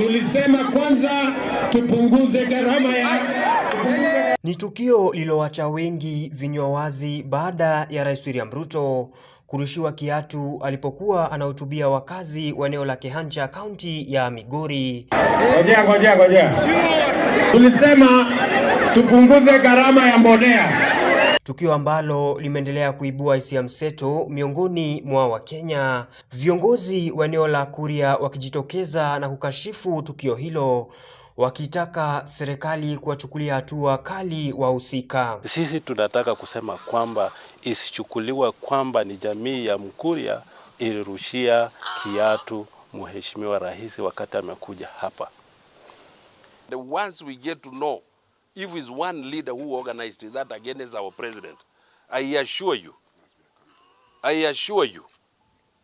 Tulisema kwanza tupunguze gharama ya. Ni tukio lililoacha wengi vinywa wazi baada ya Rais William Ruto kurushiwa kiatu alipokuwa anahutubia wakazi wa eneo la Kehancha, kaunti ya Migori. Ngojea, ngojea, ngojea. Tulisema tupunguze gharama ya mbolea tukio ambalo limeendelea kuibua hisia mseto miongoni mwa Wakenya, viongozi wa eneo la Kuria wakijitokeza na kukashifu tukio hilo wakitaka serikali kuwachukulia hatua kali wahusika. Sisi tunataka kusema kwamba isichukuliwa kwamba ni jamii ya Mkuria ilirushia kiatu Mheshimiwa Rais wakati amekuja hapa. The ones we get to know if is one leader who organized that against our president, I assure you, I assure you,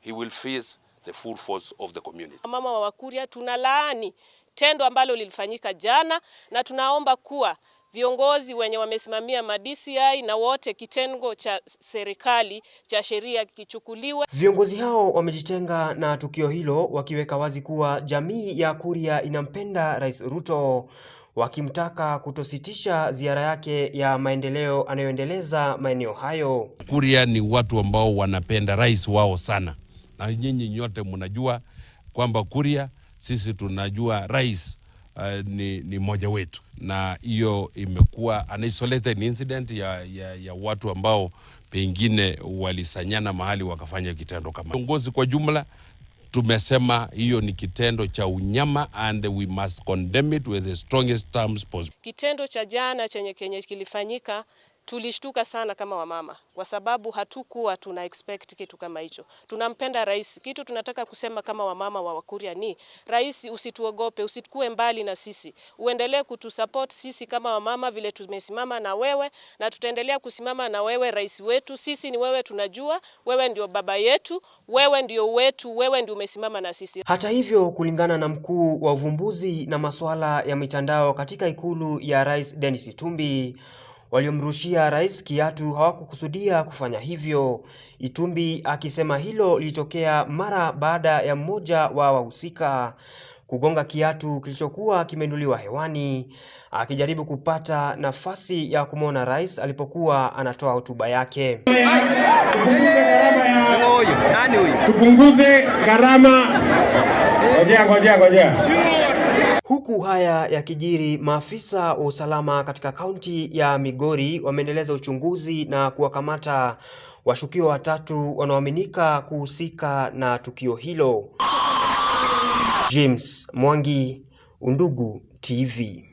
he will face the full force of the community. Mama wa Wakuria, tunalaani tendo ambalo lilifanyika jana na tunaomba kuwa viongozi wenye wamesimamia ma-DCI na wote kitengo cha serikali cha sheria kichukuliwe. Viongozi hao wamejitenga na tukio hilo wakiweka wazi kuwa jamii ya Kuria inampenda Rais Ruto wakimtaka kutositisha ziara yake ya maendeleo anayoendeleza maeneo hayo. Kuria ni watu ambao wanapenda rais wao sana, na nyinyi nyote mnajua kwamba Kuria sisi tunajua rais uh, ni, ni mmoja wetu, na hiyo imekuwa an isolated incident ya, ya, ya watu ambao pengine walisanyana mahali wakafanya kitendo kama viongozi kwa jumla Tumesema hiyo ni kitendo cha unyama and we must condemn it with the strongest terms possible. Kitendo cha jana chenye kenye kilifanyika tulishtuka sana kama wamama, kwa sababu hatukuwa tuna expect kitu kama hicho. Tunampenda rais. Kitu tunataka kusema kama wamama wa Wakuria ni rais, usituogope, usikue mbali na sisi, uendelee kutusupport sisi kama wamama, vile tumesimama na wewe, na tutaendelea kusimama na wewe rais wetu. Sisi ni wewe, tunajua wewe ndio baba yetu, wewe ndio wetu, wewe ndio umesimama na sisi. Hata hivyo, kulingana na mkuu wa uvumbuzi na masuala ya mitandao katika ikulu ya Rais Dennis Itumbi waliomrushia rais kiatu hawakukusudia kufanya hivyo. Itumbi akisema hilo lilitokea mara baada ya mmoja wa wahusika kugonga kiatu kilichokuwa kimeinuliwa hewani akijaribu kupata nafasi ya kumwona rais alipokuwa anatoa hotuba yake. Tupunguze gharama. Ngojea, ngojea, ngojea. Huku haya yakijiri, maafisa wa usalama katika kaunti ya Migori wameendeleza uchunguzi na kuwakamata washukiwa watatu wanaoaminika kuhusika na tukio hilo. James Mwangi, Undugu TV.